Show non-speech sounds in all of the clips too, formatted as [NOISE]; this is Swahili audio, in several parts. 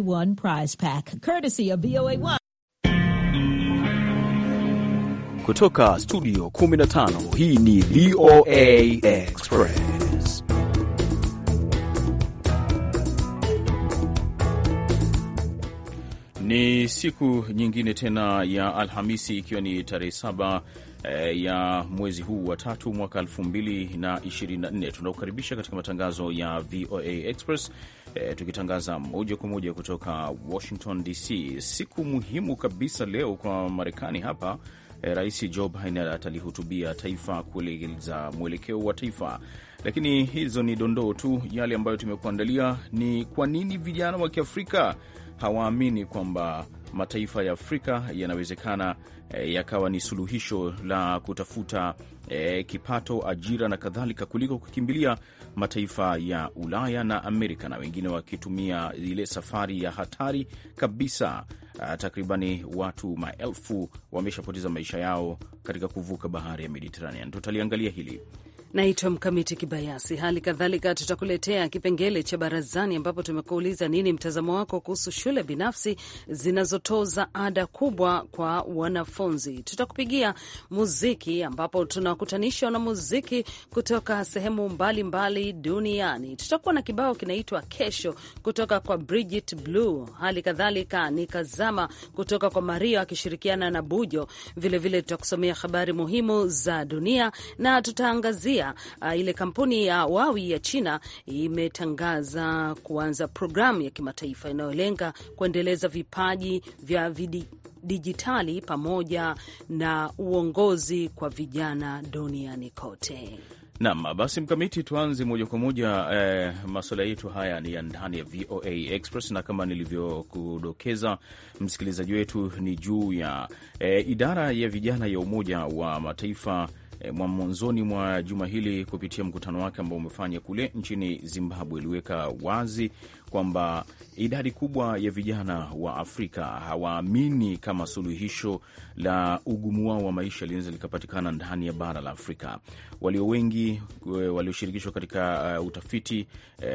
one prize pack courtesy of VOA1. Kutoka studio 15 hii ni VOA Express. Ni siku nyingine tena ya Alhamisi ikiwa ni tarehe saba Eh, ya mwezi huu wa tatu mwaka 2024. Tunakukaribisha katika matangazo ya VOA Express e, tukitangaza moja kwa moja kutoka Washington DC. Siku muhimu kabisa leo kwa Marekani hapa eh, Rais Joe Biden atalihutubia taifa kueleza mwelekeo wa taifa, lakini hizo ni dondoo tu. Yale ambayo tumekuandalia ni kwa nini vijana wa Kiafrika hawaamini kwamba mataifa ya Afrika yanawezekana eh, yakawa ni suluhisho la kutafuta eh, kipato, ajira na kadhalika, kuliko kukimbilia mataifa ya Ulaya na Amerika, na wengine wakitumia ile safari ya hatari kabisa. Ah, takribani watu maelfu wameshapoteza maisha yao katika kuvuka bahari ya Mediterranean. Tutaliangalia hili Naitwa Mkamiti Kibayasi. Hali kadhalika tutakuletea kipengele cha barazani, ambapo tumekuuliza nini mtazamo wako kuhusu shule binafsi zinazotoza ada kubwa kwa wanafunzi. Tutakupigia muziki, ambapo tunakutanisha na muziki kutoka sehemu mbalimbali duniani. Tutakuwa na kibao kinaitwa Kesho kutoka kwa Bridget Blue, hali kadhalika ni Kazama kutoka kwa Mario akishirikiana na Bujo. Vilevile tutakusomea habari muhimu za dunia na tutaangazia pia uh, ile kampuni ya Huawei ya China imetangaza kuanza programu ya kimataifa inayolenga kuendeleza vipaji vya vidi dijitali pamoja na uongozi kwa vijana duniani kote. Naam, basi Mkamiti, tuanze moja kwa moja eh, masuala yetu haya ni ya ndani ya VOA Express, na kama nilivyokudokeza msikilizaji wetu ni juu ya eh, idara ya vijana ya Umoja wa Mataifa E, mwa mwanzoni mwa juma hili kupitia mkutano wake ambao umefanya kule nchini Zimbabwe, iliweka wazi kwamba idadi kubwa ya vijana wa Afrika hawaamini kama suluhisho la ugumu wao wa maisha linaweza likapatikana ndani ya bara la Afrika. Walio wengi e, walioshirikishwa katika uh, utafiti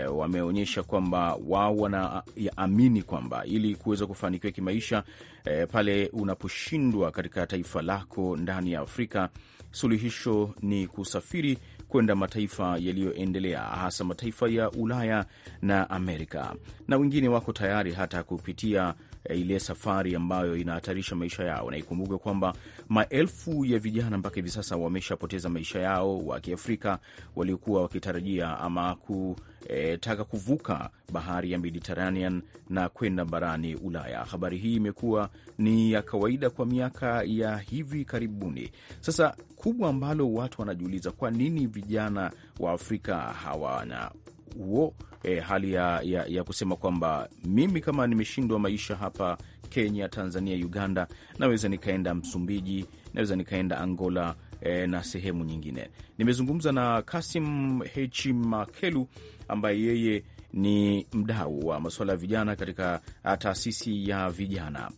uh, wameonyesha kwamba wao wanaamini kwamba ili kuweza kufanikiwa kimaisha, uh, pale unaposhindwa katika taifa lako ndani ya Afrika suluhisho ni kusafiri kwenda mataifa yaliyoendelea, hasa mataifa ya Ulaya na Amerika, na wengine wako tayari hata kupitia Eh, ile safari ambayo inahatarisha maisha yao, na ikumbuke kwamba maelfu ya vijana mpaka hivi sasa wameshapoteza maisha yao wa Kiafrika waliokuwa wakitarajia ama kutaka eh, kuvuka bahari ya Mediterranean na kwenda barani Ulaya. Habari hii imekuwa ni ya kawaida kwa miaka ya hivi karibuni. Sasa kubwa ambalo watu wanajiuliza, kwa nini vijana wa Afrika hawana huo e, hali ya, ya, ya kusema kwamba mimi kama nimeshindwa maisha hapa Kenya, Tanzania, Uganda, naweza nikaenda Msumbiji, naweza nikaenda Angola e, na sehemu nyingine. Nimezungumza na Kasim H Makelu ambaye yeye ni mdau wa masuala ya vijana katika ah, taasisi ya vijana.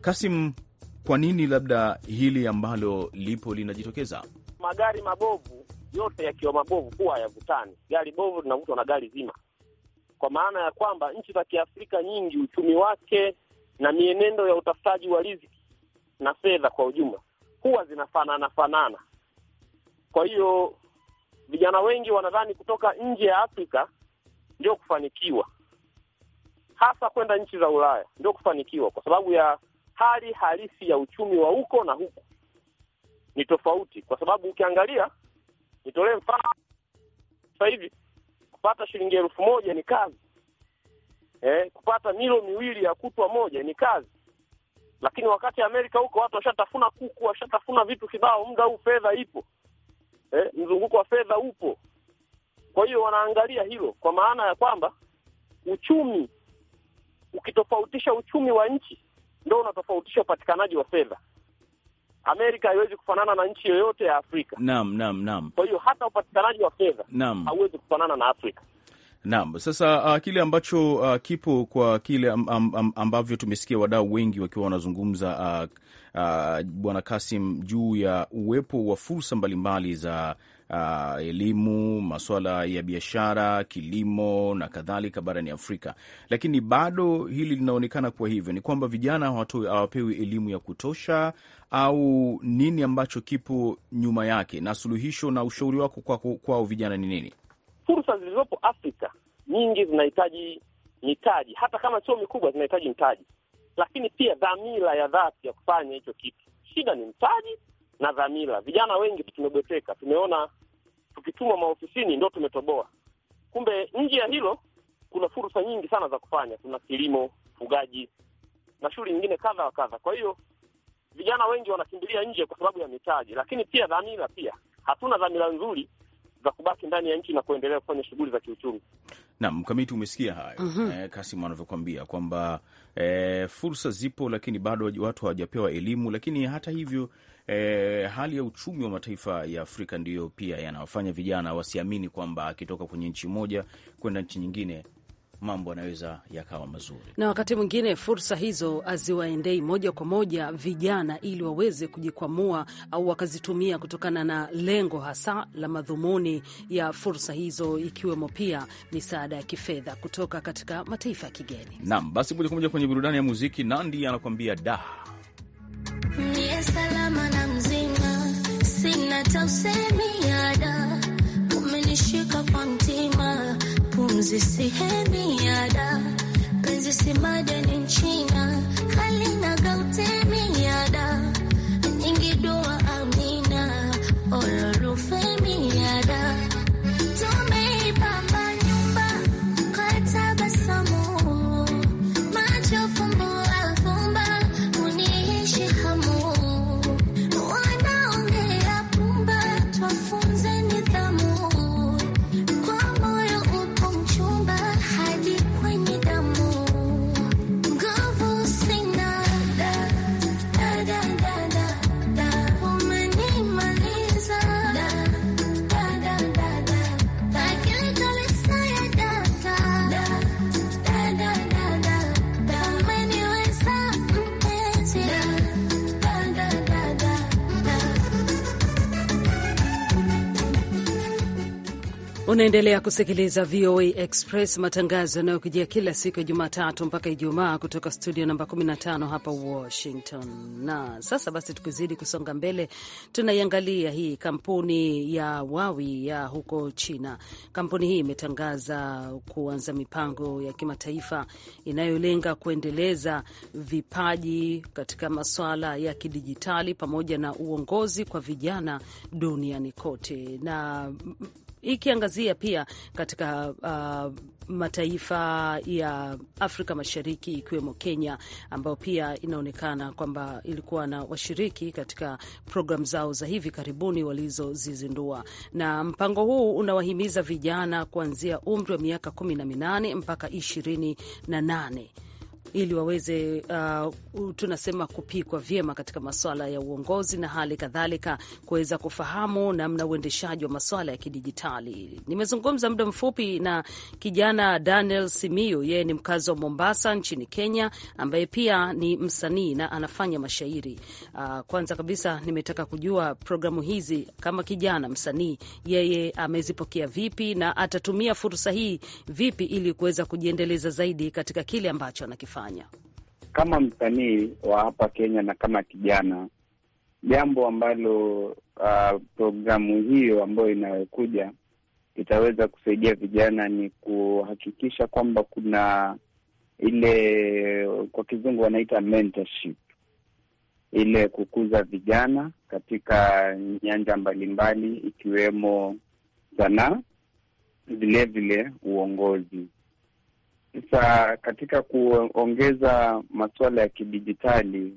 Kasim, kwa nini labda hili ambalo lipo linajitokeza magari mabovu yote yakiwa mabovu huwa hayavutani. Gari bovu linavutwa na gari zima, kwa maana ya kwamba nchi za Kiafrika nyingi uchumi wake na mienendo ya utafutaji wa riziki na fedha kwa ujumla huwa zinafanana fanana. Kwa hiyo vijana wengi wanadhani kutoka nje ya Afrika ndio kufanikiwa, hasa kwenda nchi za Ulaya ndio kufanikiwa, kwa sababu ya hali halisi ya uchumi wa huko na huku ni tofauti, kwa sababu ukiangalia Nitolee mfano sasa hivi kupata shilingi elfu moja ni kazi eh, kupata milo miwili ya kutwa moja ni kazi, lakini wakati Amerika huko watu washatafuna kuku, washatafuna vitu kibao, muda huu fedha ipo eh, mzunguko wa fedha upo. Kwa hiyo wanaangalia hilo kwa maana ya kwamba uchumi ukitofautisha uchumi wa nchi ndio unatofautisha upatikanaji wa fedha. Amerika haiwezi kufanana na nchi yoyote ya Afrika. Naam, naam, naam. Kwa hiyo hata upatikanaji wa fedha hauwezi kufanana na Afrika. Naam, sasa uh, kile ambacho uh, kipo kwa kile am, am, ambavyo tumesikia wadau wengi wakiwa wanazungumza uh, uh, Bwana Kasim juu ya uwepo wa fursa mbalimbali za uh, elimu, masuala ya biashara, kilimo na kadhalika barani Afrika, lakini bado hili linaonekana kuwa hivyo, ni kwamba vijana hawapewi elimu ya kutosha au nini ambacho kipo nyuma yake, na suluhisho na ushauri wako kwao kwa vijana ni nini? Fursa zilizopo Afrika nyingi zinahitaji mitaji, hata kama sio mikubwa, zinahitaji mtaji, lakini pia dhamira ya dhati ya kufanya hicho kitu. Shida ni mtaji na dhamira. Vijana wengi tumebweteka, tumeona tukitumwa maofisini ndo tumetoboa. Kumbe nje ya hilo kuna fursa nyingi sana za kufanya. Kuna kilimo, ufugaji na shughuli nyingine kadha wa kadha. Kwa hiyo vijana wengi wanakimbilia nje kwa sababu ya mitaji, lakini pia dhamira. Pia hatuna dhamira nzuri za kubaki ndani ya nchi na kuendelea kufanya shughuli za kiuchumi nam mkamiti umesikia hayo mm -hmm. E, eh, Kasim anavyokwambia kwamba e, fursa zipo, lakini bado watu hawajapewa elimu. Lakini hata hivyo e, hali ya uchumi wa mataifa ya Afrika ndiyo pia yanawafanya vijana wasiamini kwamba akitoka kwenye nchi moja kwenda nchi nyingine mambo yanaweza yakawa mazuri, na wakati mwingine fursa hizo haziwaendei moja kwa moja vijana ili waweze kujikwamua au wakazitumia kutokana na lengo hasa la madhumuni ya fursa hizo, ikiwemo pia misaada ya kifedha kutoka katika mataifa ya kigeni. Naam, basi moja kwa moja kwenye burudani ya muziki, Nandi anakuambia da sina tausemi ada, umenishika kwa mtima pumzi si hemi ada penzi si madani nchina halina gautena Unaendelea kusikiliza VOA Express, matangazo yanayokujia kila siku ya Jumatatu mpaka Ijumaa kutoka studio namba 15 hapa Washington. Na sasa basi, tukizidi kusonga mbele, tunaiangalia hii kampuni ya Wawi ya huko China. Kampuni hii imetangaza kuanza mipango ya kimataifa inayolenga kuendeleza vipaji katika masuala ya kidijitali pamoja na uongozi kwa vijana duniani kote na ikiangazia pia katika uh, mataifa ya Afrika Mashariki ikiwemo Kenya, ambayo pia inaonekana kwamba ilikuwa na washiriki katika programu zao za hivi karibuni walizozizindua. Na mpango huu unawahimiza vijana kuanzia umri wa miaka kumi na minane mpaka ishirini na nane ili waweze uh, tunasema kupikwa vyema katika maswala ya uongozi na hali kadhalika kuweza kufahamu namna uendeshaji wa maswala ya kidijitali. Nimezungumza muda mfupi na kijana Daniel Simiu, yeye ni mkazi wa Mombasa nchini Kenya, ambaye pia ni msanii na anafanya mashairi. Uh, kwanza kabisa nimetaka kujua programu hizi kama kijana msanii, yeye amezipokea vipi na atatumia fursa hii vipi ili kuweza kujiendeleza zaidi katika kile ambacho anakifanya kufanya kama msanii wa hapa Kenya na kama kijana, jambo ambalo uh, programu hiyo ambayo inayokuja itaweza kusaidia vijana ni kuhakikisha kwamba kuna ile kwa kizungu wanaita mentorship, ile kukuza vijana katika nyanja mbalimbali ikiwemo sanaa, vilevile uongozi. Sasa katika kuongeza masuala ya kidijitali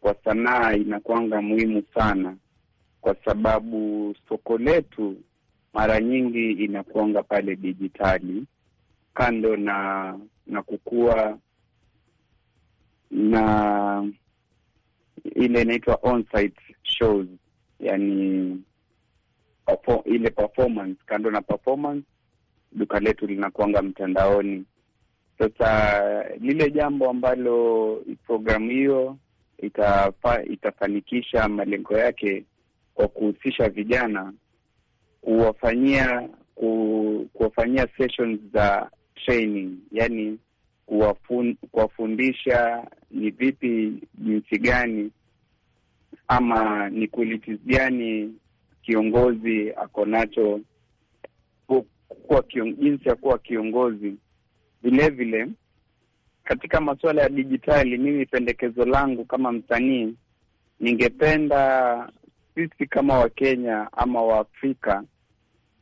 kwa sanaa inakuanga muhimu sana, kwa sababu soko letu mara nyingi inakuanga pale dijitali, kando na na kukua na ile inaitwa on shows, yani ile performance. Kando na performance, duka letu linakuanga mtandaoni sasa lile jambo ambalo programu hiyo itafa, itafanikisha malengo yake kwa kuhusisha vijana, kuwafanyia ku, kuwafanyia sessions za training, yani kuwafundisha ni vipi, jinsi gani ama ni qualities gani kiongozi ako nacho, jinsi ya kuwa kiongozi Vilevile katika masuala ya dijitali, mimi pendekezo langu kama msanii, ningependa sisi kama Wakenya ama Waafrika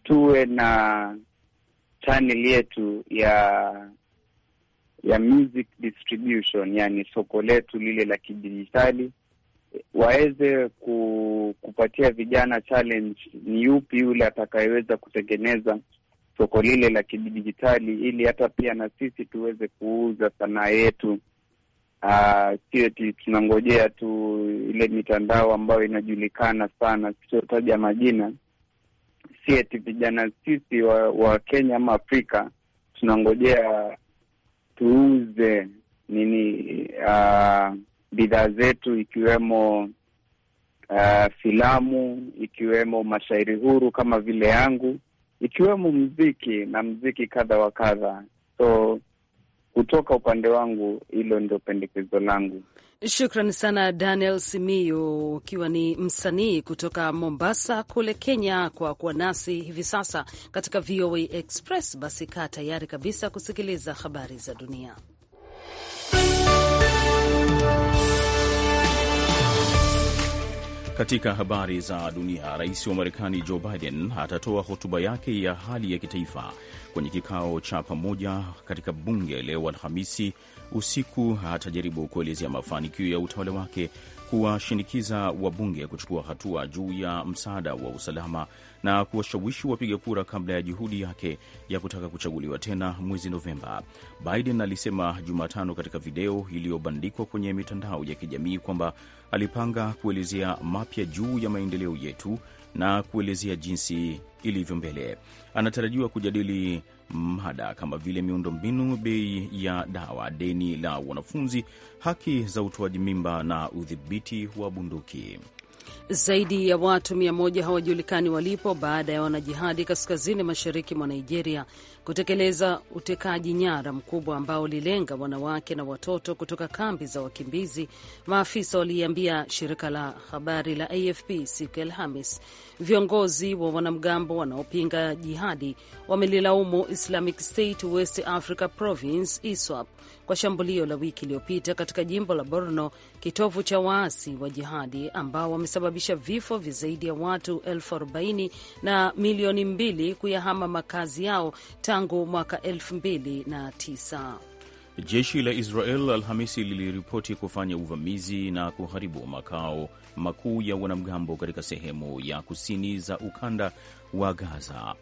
tuwe na channel yetu ya ya music distribution, yani soko letu lile la kidijitali, waweze ku, kupatia vijana challenge, ni yupi yule atakayeweza kutengeneza soko lile la kidijitali, ili hata pia na sisi tuweze kuuza sanaa yetu, ah, sio eti tunangojea tu ile mitandao ambayo inajulikana sana, sitotaja majina. Si eti vijana sisi wa, wa Kenya ama Afrika tunangojea tuuze nini ah, bidhaa zetu ikiwemo Uh, filamu ikiwemo mashairi huru kama vile yangu ikiwemo mziki na mziki kadha wa kadha. So kutoka upande wangu, hilo ndio pendekezo langu. Shukran sana Daniel Simiyu, ukiwa ni msanii kutoka Mombasa kule Kenya, kwa kuwa nasi hivi sasa katika VOA Express. Basi kaa tayari kabisa kusikiliza habari za dunia. Katika habari za dunia, rais wa Marekani Joe Biden atatoa hotuba yake ya hali ya kitaifa kwenye kikao cha pamoja katika bunge leo Alhamisi usiku. Atajaribu kuelezea mafanikio ya utawala wake, kuwashinikiza wabunge kuchukua hatua juu ya msaada wa usalama na kuwashawishi wapiga kura kabla ya juhudi yake ya kutaka kuchaguliwa tena mwezi Novemba. Biden alisema Jumatano katika video iliyobandikwa kwenye mitandao ya kijamii kwamba alipanga kuelezea mapya juu ya maendeleo yetu na kuelezea jinsi ilivyo mbele. Anatarajiwa kujadili mada kama vile miundo mbinu bei ya dawa, deni la wanafunzi, haki za utoaji mimba na udhibiti wa bunduki. Zaidi ya watu mia moja hawajulikani walipo baada ya wanajihadi kaskazini mashariki mwa Nigeria kutekeleza utekaji nyara mkubwa ambao ulilenga wanawake na watoto kutoka kambi za wakimbizi, maafisa waliambia shirika la habari la AFP siku ya Alhamis. Viongozi wa wanamgambo wanaopinga jihadi wamelilaumu Islamic State West Africa Province ISWAP kwa shambulio la wiki iliyopita katika jimbo la Borno, kitovu cha waasi wa jihadi ambao wamesababisha vifo vya zaidi ya watu elfu na milioni mbili kuyahama makazi yao ta tangu mwaka 2009. Jeshi la Israel Alhamisi liliripoti kufanya uvamizi na kuharibu makao makuu ya wanamgambo katika sehemu ya kusini za ukanda wa Gaza.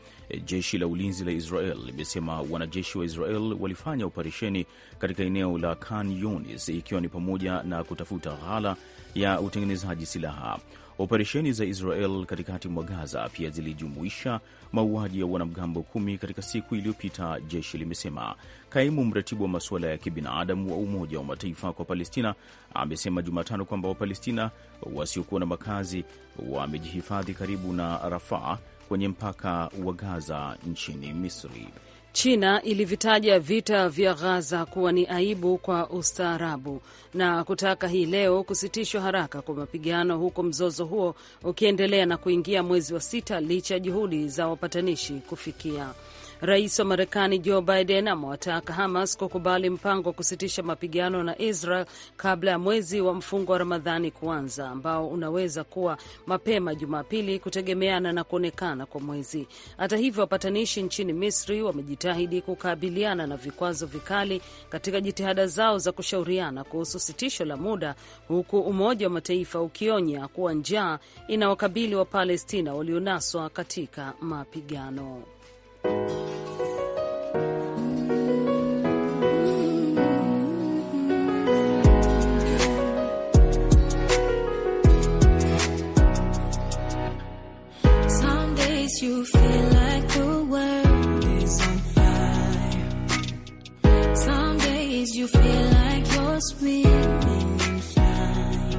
Jeshi la ulinzi la Israel limesema wanajeshi wa Israel walifanya operesheni katika eneo la Khan Yunis, ikiwa ni pamoja na kutafuta ghala ya utengenezaji silaha. Operesheni za Israel katikati mwa Gaza pia zilijumuisha mauaji ya wanamgambo kumi katika siku iliyopita, jeshi limesema. Kaimu mratibu wa masuala ya kibinadamu wa Umoja wa Mataifa kwa Palestina amesema Jumatano kwamba Wapalestina wasiokuwa na makazi wamejihifadhi karibu na Rafaa kwenye mpaka wa Gaza nchini Misri. China ilivitaja vita vya Gaza kuwa ni aibu kwa ustaarabu na kutaka hii leo kusitishwa haraka kwa mapigano, huku mzozo huo ukiendelea na kuingia mwezi wa sita licha ya juhudi za wapatanishi kufikia Rais wa Marekani Joe Biden amewataka Hamas kukubali mpango wa kusitisha mapigano na Israel kabla ya mwezi wa mfungo wa Ramadhani kuanza ambao unaweza kuwa mapema Jumapili kutegemeana na kuonekana kwa mwezi. Hata hivyo, wapatanishi nchini Misri wamejitahidi kukabiliana na vikwazo vikali katika jitihada zao za kushauriana kuhusu sitisho la muda, huku Umoja wa Mataifa ukionya kuwa njaa inawakabili wa Palestina walionaswa katika mapigano. you feel like the world is on fire. Some days you feel like you're swimming in fire.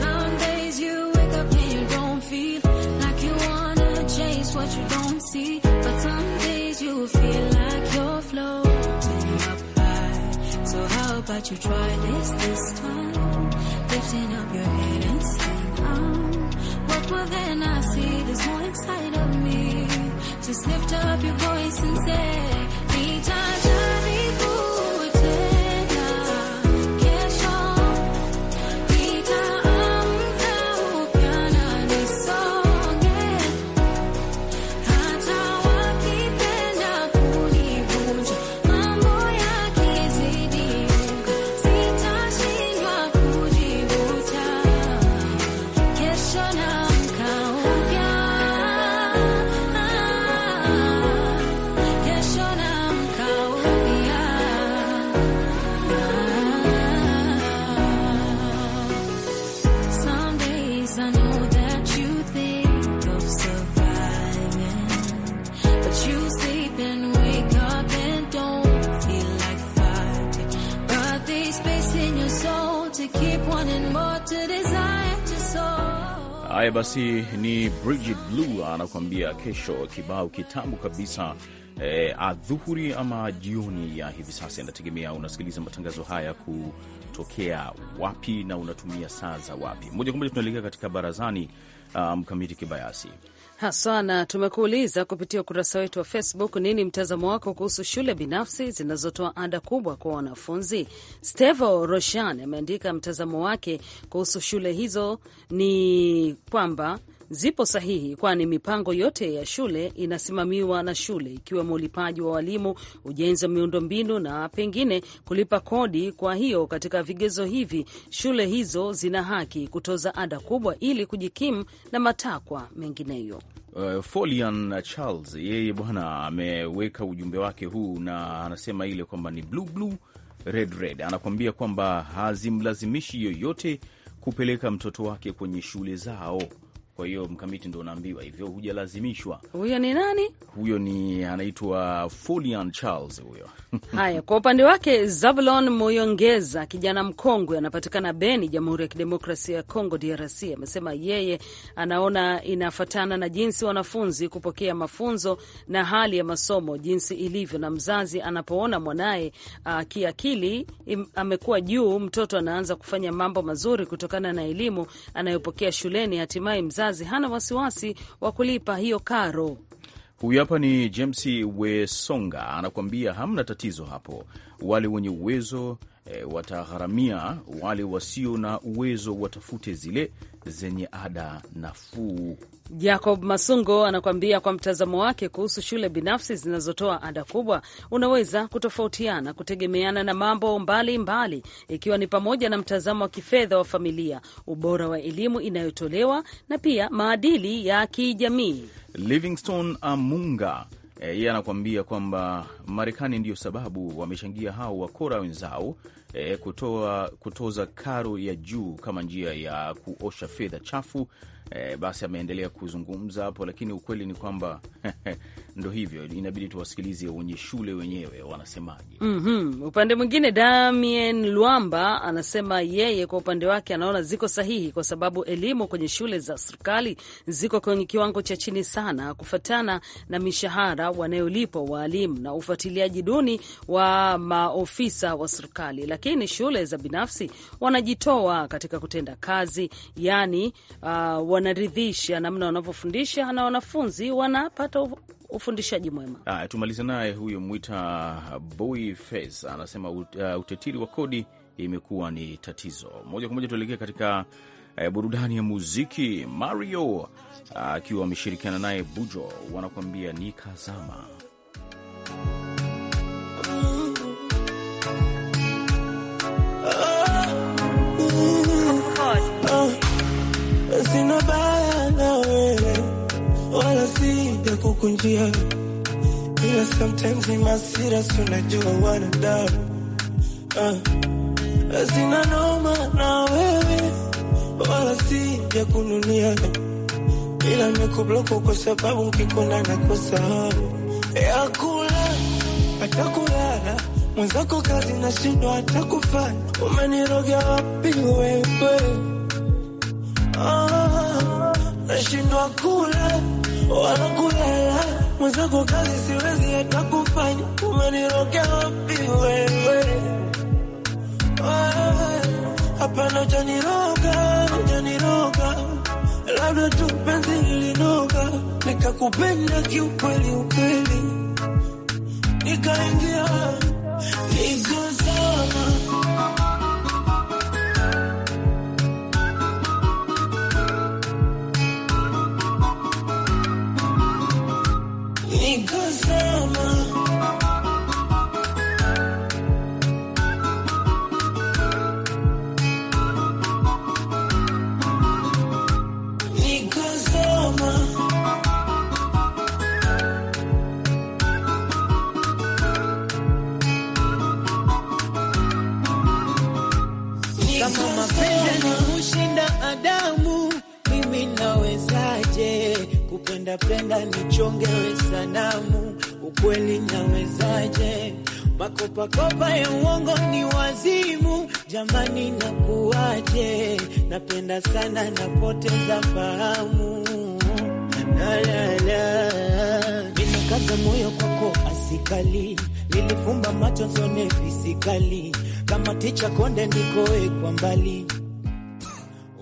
Some days you wake up and you don't feel like you wanna chase what you don't see. But some days you feel like you're floating up high. So how about you try this this time? Lifting up your head and sing out. But within I see there's more inside of me. Just lift up your voice and say, three times. Haya basi, ni Bridget Blue anakuambia kesho, kibao kitambu kabisa eh, adhuhuri ama jioni ya hivi sasa, inategemea unasikiliza matangazo haya kutokea wapi na unatumia saa za wapi. Moja kwa moja tunaelekea katika barazani ah, mkamiti um, kibayasi haswa, na tumekuuliza kupitia ukurasa wetu wa Facebook, nini mtazamo wako kuhusu shule binafsi zinazotoa ada kubwa kwa wanafunzi? Stevo Roshan ameandika mtazamo wake kuhusu shule hizo ni kwamba zipo sahihi, kwani mipango yote ya shule inasimamiwa na shule, ikiwemo ulipaji wa walimu, ujenzi wa miundombinu na pengine kulipa kodi. Kwa hiyo katika vigezo hivi, shule hizo zina haki kutoza ada kubwa ili kujikimu na matakwa mengineyo. Uh, Folian Charles yeye bwana ameweka ujumbe wake huu na anasema ile kwamba ni blue blue red red. Anakuambia kwamba hazimlazimishi yoyote kupeleka mtoto wake kwenye shule zao kwa hiyo mkamiti ndo unaambiwa hivyo, hujalazimishwa. Huyo ni nani? Huyo ni anaitwa Folian Charles huyo. [LAUGHS] Haya, kwa upande wake Zabulon Moyongeza, kijana mkongwe, anapatikana Beni, Jamhuri ya Kidemokrasia ya Kongo, DRC, amesema yeye anaona inafatana na jinsi wanafunzi kupokea mafunzo na hali ya masomo jinsi ilivyo, na mzazi anapoona mwanaye uh, kiakili amekuwa juu, mtoto anaanza kufanya mambo mazuri kutokana na elimu anayopokea shuleni, hatimaye mzazi mzazi hana wasiwasi wa kulipa hiyo karo. Huyu hapa ni James Wesonga anakuambia hamna tatizo hapo, wale wenye uwezo e, watagharamia wale wasio na uwezo watafute zile zenye ada nafuu. Jacob Masungo anakuambia kwa mtazamo wake kuhusu shule binafsi zinazotoa ada kubwa, unaweza kutofautiana kutegemeana na mambo mbalimbali mbali, ikiwa ni pamoja na mtazamo wa kifedha wa familia, ubora wa elimu inayotolewa na pia maadili ya kijamii. Livingstone Amunga Eh, yeye anakuambia kwamba Marekani ndiyo sababu wamechangia hao wakora wenzao e, kutoa, kutoza karo ya juu kama njia ya kuosha fedha chafu eh, basi ameendelea kuzungumza hapo, lakini ukweli ni kwamba [LAUGHS] ndo hivyo, inabidi tuwasikilize wenye shule wenyewe wanasemaje. mm -hmm. Upande mwingine Damien Lwamba anasema yeye kwa upande wake anaona ziko sahihi, kwa sababu elimu kwenye shule za serikali ziko kwenye kiwango cha chini sana, kufatana na mishahara wanayolipwa waalimu na ufuatiliaji duni wa maofisa wa serikali, lakini shule za binafsi wanajitoa katika kutenda kazi yani, uh, wanaridhisha namna wanavyofundisha na wanafunzi wanapata ufundishaji mwema. Haya, tumalize naye huyo Mwita Boy Face anasema ut, uh, utetiri wa kodi imekuwa ni tatizo moja kwa moja. Tuelekea katika uh, burudani ya muziki. Mario uh, akiwa uh, ameshirikiana naye Bujo wanakuambia ni kazama kukunjia, ila sometimes ni masira, si unajua wanadamu uh, sina noma na wewe wala si ya kununia, ila nikubloko kwa sababu nkikona na kusahau eh, ya kula hata kulala mwenzako kazi na shindo hata kufanya, umeniroga wapi wewe? Ah, nashindwa kula wala kulala mwenzako, kazi siwezi hata kufanya, umenirokea wapi wewe? Hapana, janiroga janiroga, labda tu penzi lilinoga, nikakupenda kiukweli ukweli, nikaingia nika penda nichongewe sanamu, ukweli nawezaje? Makopakopa ya uongo ni wazimu, jamani nakuwaje? Napenda sana napoteza fahamu Nimekaza moyo kwako asikali, nilifumba macho zone fisikali, kama ticha konde nikoe kwa mbali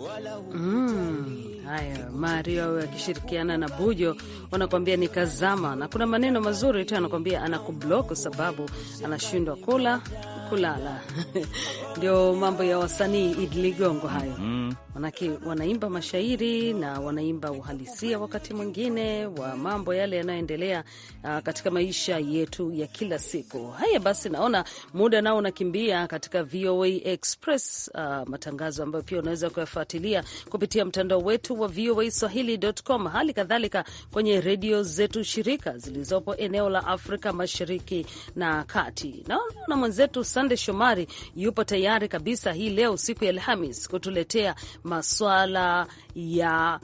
wala Haya, Mario akishirikiana na Bujo wanakuambia ni kazama, na kuna maneno mazuri tu anakuambia anakublock kwa sababu anashindwa kula kulala [LAUGHS] ndio mambo ya wasanii Idi Ligongo hayo mm. Manake wanaimba mashairi na wanaimba uhalisia wakati mwingine wa mambo yale yanayoendelea uh, katika maisha yetu ya kila siku. Haya basi, naona muda nao unakimbia katika VOA Express, uh, matangazo ambayo pia unaweza kuyafuatilia kupitia mtandao wetu wa VOA Swahili.com, hali kadhalika kwenye redio zetu shirika zilizopo eneo la Afrika Mashariki na Kati. Naona mwenzetu Sande Shomari yupo tayari kabisa hii leo, siku ya Alhamis, kutuletea maswala ya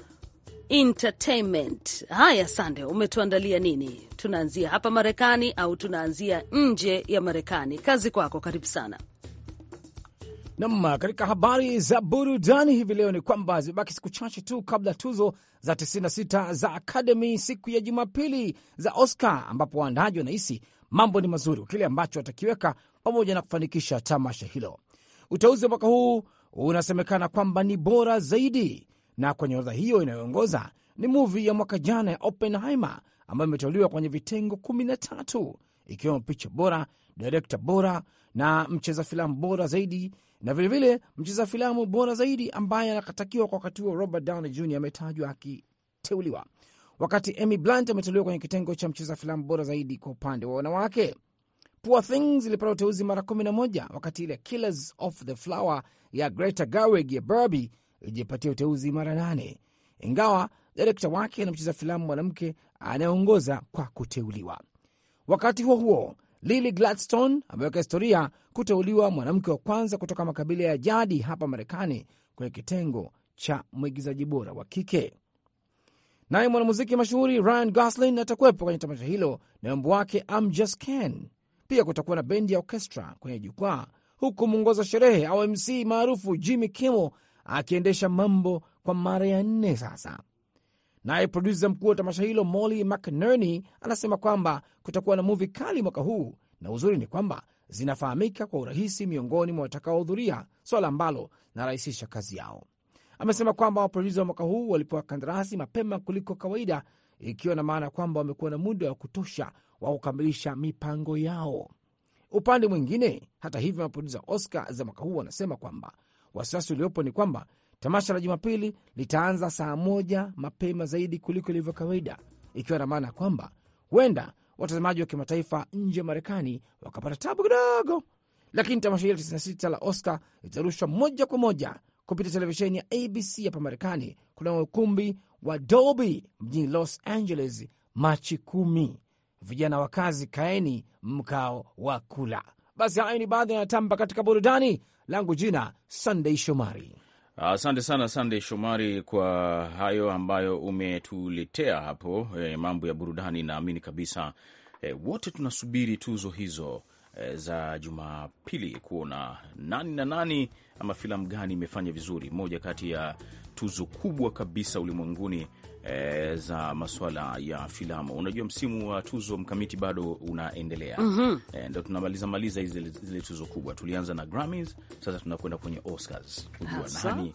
entertainment. Haya, Sande, umetuandalia nini? Tunaanzia hapa Marekani au tunaanzia nje ya Marekani? Kazi kwako, karibu sana. Nam, katika habari za burudani hivi leo ni kwamba zimebaki siku chache tu kabla tuzo za 96 za Academy siku ya Jumapili za Oscar, ambapo waandaaji wanahisi mambo ni mazuri, kile ambacho watakiweka pamoja na kufanikisha tamasha hilo. Uteuzi wa mwaka huu unasemekana kwamba ni bora zaidi, na kwenye orodha hiyo inayoongoza ni muvi ya mwaka jana ya Oppenheimer ambayo imeteuliwa kwenye vitengo 13 ikiwemo picha bora, direkta bora na mcheza filamu bora zaidi, na vilevile vile, mcheza filamu bora zaidi ambaye anatakiwa kwa wakati huo Robert Downey Jr ametajwa akiteuliwa, wakati Emmy Blunt ameteuliwa kwenye kitengo cha mcheza filamu bora zaidi kwa upande wa wanawake. Poor Things ilipata uteuzi mara 11 wakati ile Killers of the Flower ya Greta Gerwig ya Barbie ilijipatia uteuzi mara nane, ingawa direkta wake anamcheza filamu mwanamke anayeongoza kwa kuteuliwa. Wakati huo huo, Lily Gladstone ameweka historia kuteuliwa mwanamke wa kwanza kutoka makabila ya jadi hapa Marekani kwenye kitengo cha mwigizaji bora wa kike. Naye mwanamuziki mashuhuri Ryan Gosling atakuwepo kwenye tamasha hilo na wimbo wake I'm Just Ken. Pia kutakuwa na bendi ya orkestra kwenye jukwaa, huku mwongoza sherehe au MC maarufu Jimmy Kimmel akiendesha mambo kwa mara ya nne sasa. Naye produsa mkuu wa tamasha hilo Molly McNerney anasema kwamba kutakuwa na muvi kali mwaka huu, na uzuri ni kwamba zinafahamika kwa urahisi miongoni mwa watakaohudhuria, swala ambalo linarahisisha kazi yao. Amesema kwamba waprodusa wa mwaka huu walipewa kandarasi mapema kuliko kawaida, ikiwa na maana kwamba wamekuwa na muda wa kutosha wa kukamilisha mipango yao. Upande mwingine, hata hivyo, maprodusa Oscar za mwaka huu wanasema kwamba wasiwasi uliopo ni kwamba tamasha la Jumapili litaanza saa moja mapema zaidi kuliko ilivyo kawaida, ikiwa na maana kwamba huenda watazamaji wa kimataifa nje ya Marekani wakapata tabu kidogo, lakini tamasha hilo 96 la Oscar litarushwa moja kwa moja kupitia televisheni ya ABC hapa Marekani kuna ukumbi wa Dolby mjini Los Angeles Machi kumi vijana wa kazi, kaeni mkao wa kula. Basi hayo ni baadhi ya natamba katika burudani. Langu jina sandei Shomari. Asante sana Sandey Shomari kwa hayo ambayo umetuletea hapo, eh, mambo ya burudani. Naamini kabisa eh, wote tunasubiri tuzo hizo eh, za Jumapili kuona nani na nani ama filamu gani imefanya vizuri, moja kati ya tuzo kubwa kabisa ulimwenguni e, za masuala ya filamu. Unajua msimu wa tuzo mkamiti bado unaendelea mm -hmm. E, ndo tunamaliza maliza hizi zile tuzo kubwa. Tulianza na Grammys, sasa tunakwenda kwenye Oscars kujua nani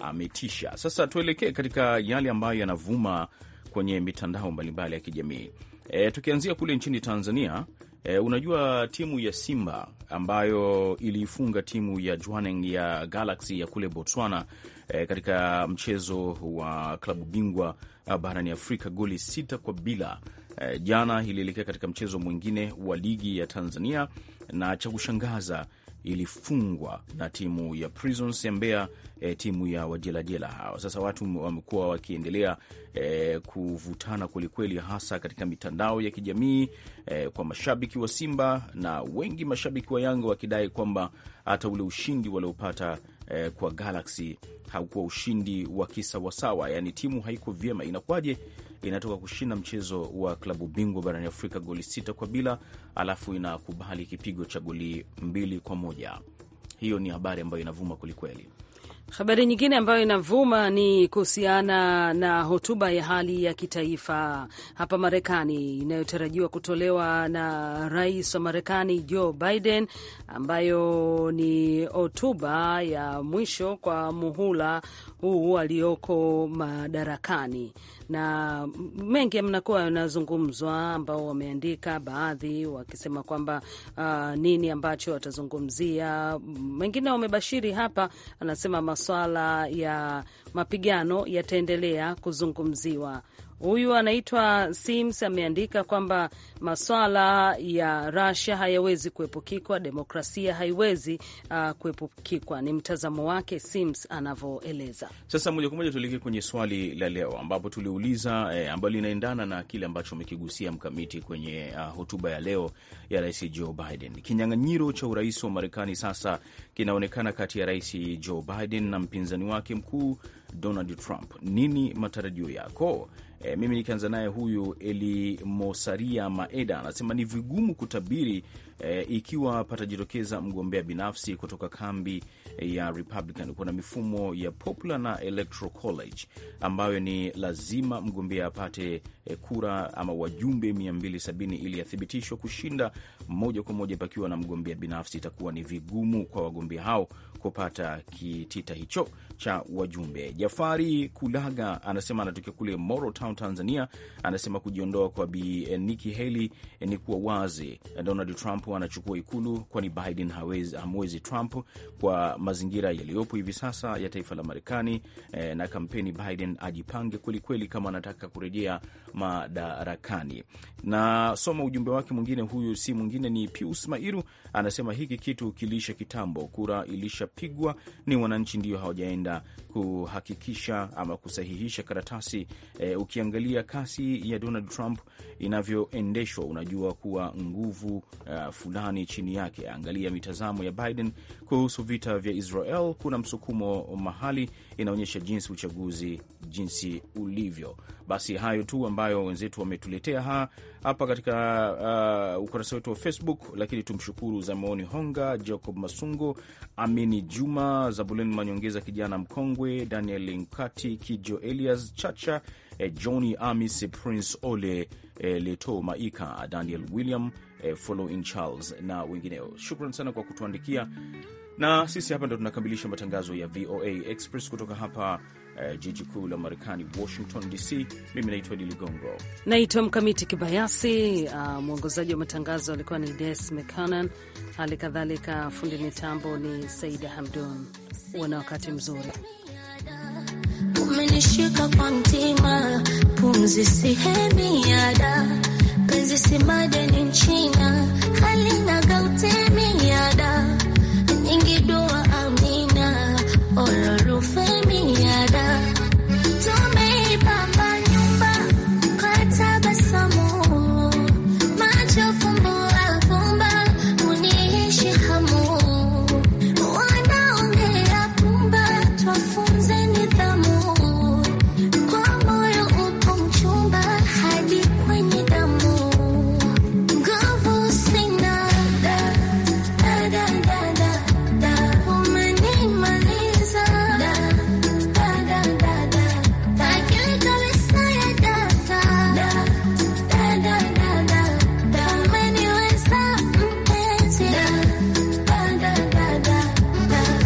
ametisha. Sasa tuelekee katika yale ambayo yanavuma kwenye mitandao mbalimbali ya kijamii. E, tukianzia kule nchini Tanzania E, unajua timu ya Simba ambayo iliifunga timu ya Jwaneng ya Galaxy ya kule Botswana e, katika mchezo wa klabu bingwa eh, barani Afrika goli sita kwa bila e, jana ilielekea katika mchezo mwingine wa ligi ya Tanzania, na cha kushangaza ilifungwa na timu ya Prisons ya Mbeya, e, timu ya wajelajela hawa. Sasa watu wamekuwa wakiendelea e, kuvutana kwelikweli, hasa katika mitandao ya kijamii e, kwa mashabiki wa Simba na wengi mashabiki wa Yanga wakidai kwamba hata ule ushindi waliopata eh, kwa Galaxy haukuwa ushindi wa kisawasawa, yani timu haiko vyema. Inakuwaje inatoka kushinda mchezo wa klabu bingwa barani Afrika goli sita kwa bila, alafu inakubali kipigo cha goli mbili kwa moja? Hiyo ni habari ambayo inavuma kwelikweli. Habari nyingine ambayo inavuma ni kuhusiana na hotuba ya hali ya kitaifa hapa Marekani inayotarajiwa kutolewa na rais wa Marekani Joe Biden, ambayo ni hotuba ya mwisho kwa muhula huu alioko madarakani, na mengi mnakuwa yanazungumzwa, ambao wameandika baadhi wakisema kwamba uh, nini ambacho watazungumzia. Mengine wamebashiri hapa, anasema masuala ya mapigano yataendelea kuzungumziwa. Huyu anaitwa Sims ameandika kwamba maswala ya rasia hayawezi kuepukikwa demokrasia haiwezi uh, kuepukikwa. Ni mtazamo wake Sims anavyoeleza. Sasa moja kwa moja tuelekee kwenye swali la leo ambapo tuliuliza eh, ambalo linaendana na kile ambacho umekigusia mkamiti kwenye uh, hotuba ya leo ya Rais Joe Biden. Kinyang'anyiro cha urais wa Marekani sasa kinaonekana kati ya Rais Joe Biden na mpinzani wake mkuu Donald Trump. Nini matarajio yako? E, mimi nikianza naye huyu Eli Mosaria Maeda anasema ni vigumu kutabiri e, ikiwa patajitokeza mgombea binafsi kutoka kambi eh, ya Republican, kuna mifumo ya popular na electoral college ambayo ni lazima mgombea apate e, kura ama wajumbe 270 ili athibitishwe kushinda moja kwa moja. Pakiwa na mgombea binafsi, itakuwa ni vigumu kwa wagombea hao kupata kitita hicho cha wajumbe. Jafari Kulaga anasema anatokea kule Moro Town, Tanzania. Anasema kujiondoa kwa Bi Nikki Haley ni kuwa wazi Donald Trump alikuwa anachukua Ikulu, kwani Biden hawezi, hamwezi Trump kwa mazingira yaliyopo hivi sasa ya taifa la Marekani eh, na kampeni Biden ajipange kwelikweli kama anataka kurejea madarakani. Na soma ujumbe wake mwingine, huyu si mwingine ni Pius Mairu, anasema hiki kitu kiliisha kitambo, kura ilishapigwa, ni wananchi ndio hawajaenda kuhakikisha ama kusahihisha karatasi. Eh, ukiangalia kasi ya Donald Trump inavyoendeshwa unajua kuwa nguvu uh, fulani chini yake. Angalia mitazamo ya Biden kuhusu vita vya Israel, kuna msukumo mahali, inaonyesha jinsi uchaguzi jinsi ulivyo. Basi hayo tu ambayo wenzetu wametuletea hapa katika uh, ukurasa wetu wa Facebook, lakini tumshukuru zamoni Honga, Jacob Masungo, Amini Juma, zabulen Manyongeza, kijana mkongwe, Daniel Nkati, Kijo Elias Chacha, eh, Johnny Amis, Prince Ole, eh, Leto Maika, Daniel William eh, Charles na wengineo. Shukran sana kwa kutuandikia, na sisi hapa ndo tunakamilisha matangazo ya VOA Express kutoka hapa eh, jiji kuu la Marekani, Washington DC. Mimi naitwa Idi Ligongo, naitwa Mkamiti Kibayasi. Uh, mwongozaji wa matangazo alikuwa ni Des Mcanan, hali kadhalika fundi mitambo ni Saida Hamdun. Uwe na wakati mzuri. Umenishika kwa mtima, pumzi sihemi ada penzi si madeni nchina halina gautemiada